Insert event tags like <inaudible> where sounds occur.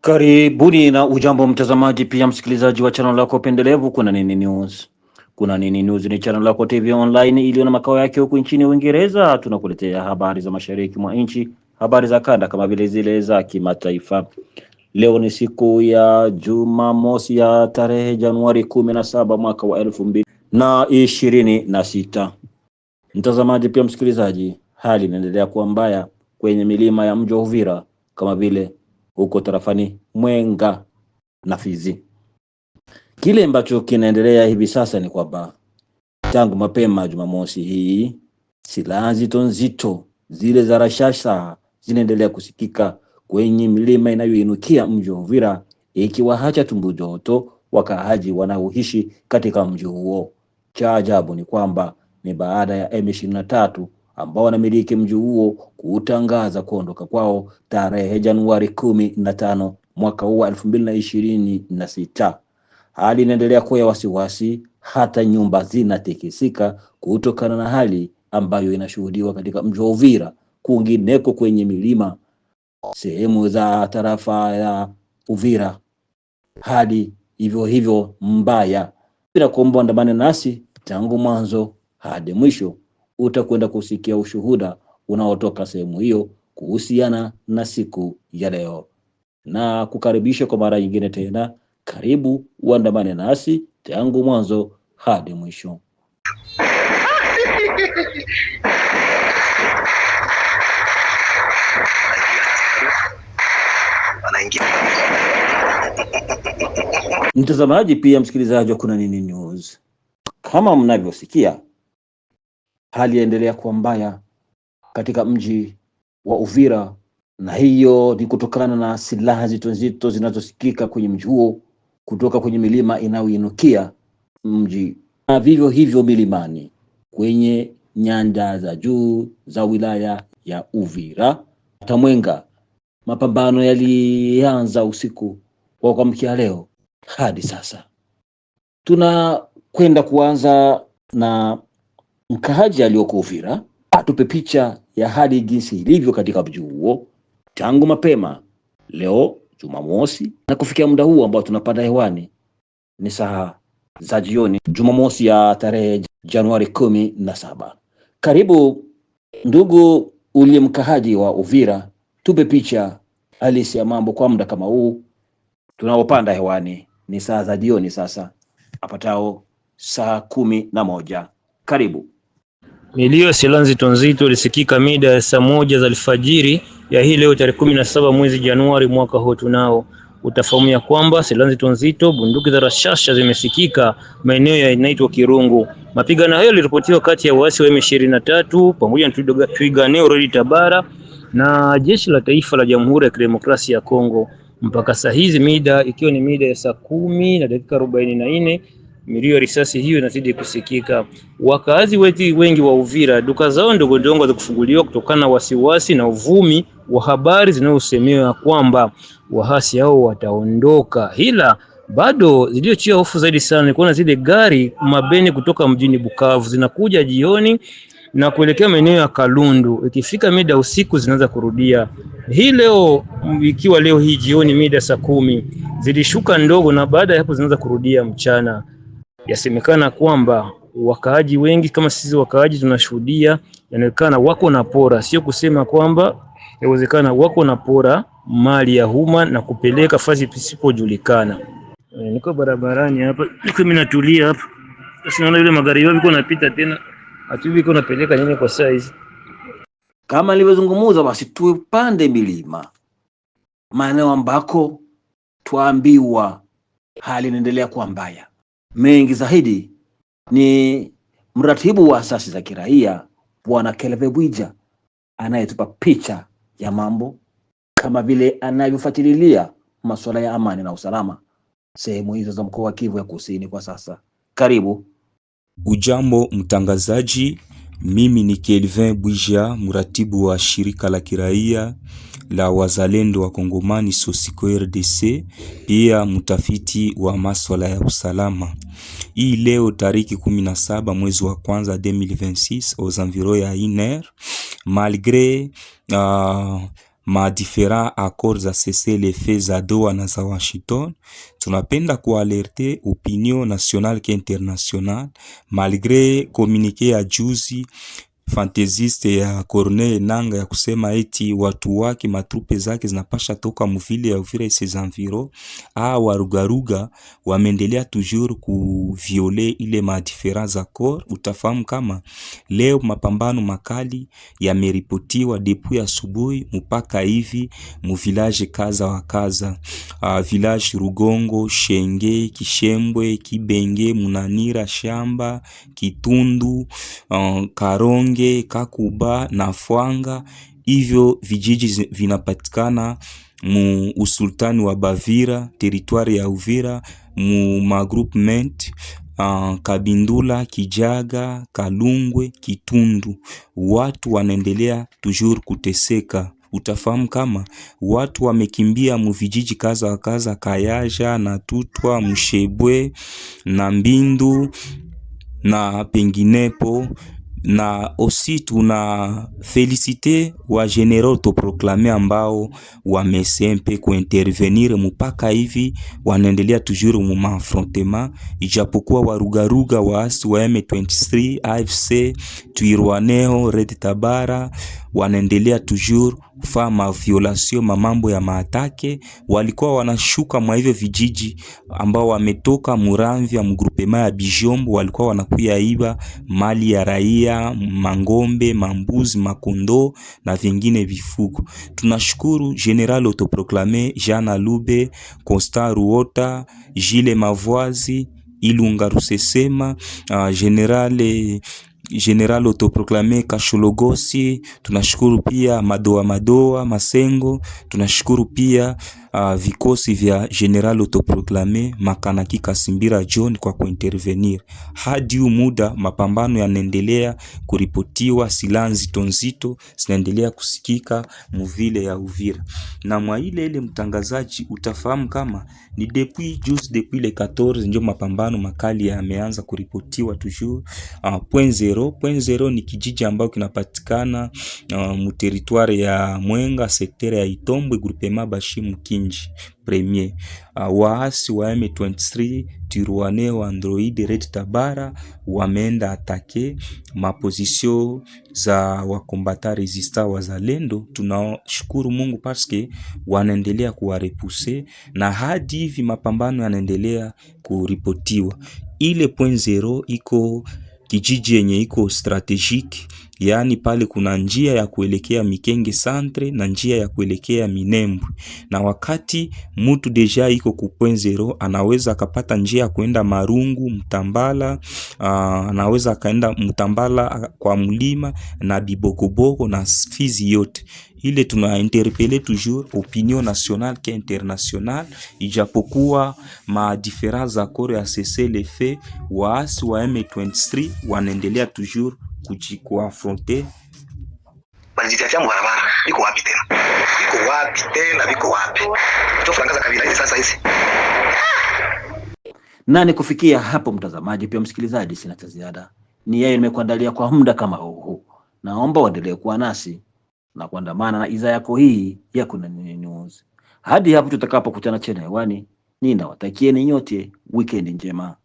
Karibuni na ujambo mtazamaji, pia msikilizaji wa channel lako pendelevu Kuna Nini News. Kuna Nini News ni channel lako TV online iliyo na makao yake huku nchini Uingereza. Tunakuletea habari za mashariki mwa nchi, habari za kanda kama vile zile za kimataifa. Leo ni siku ya Jumamosi ya tarehe Januari kumi na saba mwaka wa elfu mbili na ishirini na sita. Mtazamaji pia msikilizaji, hali inaendelea kuwa mbaya kwenye milima ya mji wa Uvira kama vile huko tarafani Mwenga na Fizi. Kile ambacho kinaendelea hivi sasa ni kwamba tangu mapema Jumamosi hii silaha nzito nzito zile za rashasha zinaendelea kusikika kwenye milima inayoinukia mji wa Uvira, ikiwaacha tumbu joto wakaaji wanaoishi katika mji huo. Cha ajabu ni kwamba ni baada ya M23 ambao wanamiliki mji huo kutangaza kuondoka kwao tarehe Januari 15 mwaka huu wa na sita. Hali inaendelea kuwa ya wasiwasi, hata nyumba zinatikisika kutokana na hali ambayo inashuhudiwa katika mji wa Uvira, kwingineko kwenye milima, sehemu za tarafa ya Uvira, hali hivyo hivyo mbaya. Bila kuomba andamane nasi tangu mwanzo hadi mwisho, utakwenda kusikia ushuhuda unaotoka sehemu hiyo kuhusiana na siku ya leo, na kukaribisha kwa mara nyingine tena. Karibu uandamane nasi tangu mwanzo hadi mwisho. <laughs> Mtazamaji pia msikilizaji wa Kuna Nini News, kama mnavyosikia hali yaendelea kuwa mbaya katika mji wa Uvira, na hiyo ni kutokana na silaha nzito nzito zinazosikika kwenye mji huo kutoka kwenye milima inayoinukia mji na vivyo hivyo milimani kwenye nyanda za juu za wilaya ya Uvira Tamwenga. Mapambano yalianza usiku wa kuamkia leo hadi sasa. Tunakwenda kuanza na Mkaaji aliyoko Uvira atupe picha ya hali jinsi ilivyo katika mji huo tangu mapema leo Jumamosi na kufikia muda huu ambao tunapanda hewani ni saa za jioni Jumamosi ya tarehe Januari kumi na saba. Karibu ndugu uliye mkahaji wa Uvira, tupe picha halisi ya mambo kwa muda kama huu tunaopanda hewani, ni saa za jioni sasa apatao saa kumi na moja. Karibu. Milio ya silaha nzito nzito ilisikika mida ya saa moja za alfajiri ya hii leo tarehe kumi na saba mwezi Januari mwaka huu tunao. Utafahamu ya kwamba silaha nzito nzito, bunduki za rashasha zimesikika maeneo yanaitwa Kirungu. Mapigano hayo yaliripotiwa kati ya waasi wa M23 pamoja na neo Redi Tabara na jeshi la taifa la Jamhuri ya Kidemokrasia ya Kongo mpaka saa hizi mida ikiwa ni mida ya saa kumi na dakika arobaini na nne milio ya risasi hiyo inazidi kusikika. Wakazi weti wengi wa Uvira duka zao ndogo ndogo za kufunguliwa kutokana na wasiwasi na uvumi wa habari zinazosemewa kwamba wahasi hao wataondoka, ila bado ziliyochia hofu zaidi sana ni kuona zile gari mabeni kutoka mjini Bukavu zinakuja jioni na kuelekea maeneo ya Kalundu, ikifika mida usiku zinaanza kurudia. Hii leo ikiwa leo hii jioni mida saa kumi zilishuka ndogo, na baada ya hapo zinaanza kurudia mchana yasemekana kwamba wakaaji wengi kama sisi wakaaji tunashuhudia, yanaonekana wako na pora, sio kusema kwamba yawezekana wako na pora mali ya umma na kupeleka fasi pisipojulikana. E, eh, niko barabarani hapa, niko mimi natulia hapa, sasa naona yule magari yao biko napita tena, hatujui biko napeleka nini kwa size. Kama nilivyozungumza, basi tupande milima maeneo ambako twaambiwa hali inaendelea kuwa mbaya mengi zaidi ni mratibu wa asasi za kiraia Bwana Kelve Bwija anayetupa picha ya mambo kama vile anavyofuatilia masuala ya amani na usalama sehemu hizo za mkoa wa Kivu ya Kusini kwa sasa. Karibu. Ujambo mtangazaji mimi ni Kelvin Bwijia, mratibu wa shirika la kiraia la wazalendo wa Kongomani Sosiko RDC, pia mtafiti wa masuala ya usalama. Hii leo tariki 17 mwezi wa kwanza 2026 aux environs ya 1h malgré uh, madifera accord za cessez le za Doha na za Washington, tunapenda kualerte opinion nationale ke internationale malgré communiqué ya juzi fantasiste ya Corneille nanga ya kusema eti watu wake matrupe zake zinapasha toka mvile ya Uvira ses environ. a warugaruga wameendelea toujours kuviole ile madifferent za corps. Utafahamu kama leo mapambano makali yameripotiwa depuis asubuhi mpaka hivi muvilaje kaza wa kaza, uh, village Rugongo, Shenge, Kishembwe, Kibenge, Munanira, Shamba, Kitundu um, Karonge, Kakuba na Fwanga. Hivyo vijiji vinapatikana mu usultani wa Bavira, teritwari ya Uvira, mu magroupement Uh, eh, Kabindula, Kijaga, Kalungwe, Kitundu, watu wanaendelea tujur kuteseka. Utafahamu kama watu wamekimbia muvijiji kaza wa kaza, Kayaja na Tutwa, mshebwe na Mbindu na penginepo na osi tuna felisite wa general toproklame ambao wamesempe kuintervenir mupaka hivi wanaendelea tujuru mu mafrontema, ijapokuwa warugaruga waasi wa M23 AFC Twirwaneho Red Tabara wanaendelea toujours fa ma mambo ya maatake, walikuwa wanashuka mwa hivyo vijiji ambao wametoka Muramvya mgrupema ya Bijombo, walikuwa wanakuya iba mali ya raia, mangombe, mambuzi, makondo na vingine vifugo. Tunashukuru General Autoproclame Jean Alube, Constant Ruota, jile Mavoizi, Ilunga Rusesema, uh, General General autoproclame kashulogosi tunashukuru pia Madoa Madoa Masengo, tunashukuru pia uh, vikosi vya General autoproklame Makanaki Kasimbira John kwa kuintervenir. Hadi huu muda mapambano yanaendelea kuripotiwa, silaha nzito nzito zinaendelea kusikika muvile ya Uvira na mwa ile ile, mtangazaji, utafahamu kama ni depuis juzi, depuis le 14 ndio mapambano makali yameanza kuripotiwa toujours. Uh, point zero, point zero ni kijiji ambayo kinapatikana uh, mu territoire ya Mwenga, sekta ya Itombwe, groupement Bashimuki nchi Premier. Uh, waasi wa M23 Tiruane wa Android Red Tabara wameenda atake mapozisio za wakombata resista wazalendo. Tunashukuru Mungu paske wanaendelea kuwarepuse na hadi hivi mapambano yanaendelea kuripotiwa. Ile point zero iko kijiji yenye iko strategiki yaani pale kuna njia ya kuelekea Mikenge Centre na njia ya kuelekea Minembwe, na wakati mtu deja iko ku zero, anaweza akapata njia ya kuenda Marungu Mtambala. uh, anaweza akaenda Mtambala kwa mlima na Bibokoboko na Fizi yote ile tuna interpeller toujours opinion nationale ke internationale, ijapokuwa ma za accord ya sese lefe, waasi wa M23 wanaendelea toujours kujikuafronte balijitia mbarabara iko wapi tena? Iko wapi tena? Viko wapi tofurangaza kabila hizi sasa hizi na ni kufikia hapo, mtazamaji pia msikilizaji, sina cha ziada, ni yeye nimekuandalia kwa muda kama huu. Naomba uendelee kuwa nasi na kuandamana na idhaa yako hii ya Kuna Nini News hadi hapo tutakapokutana tena hewani. Ninawatakieni nyote wikendi njema.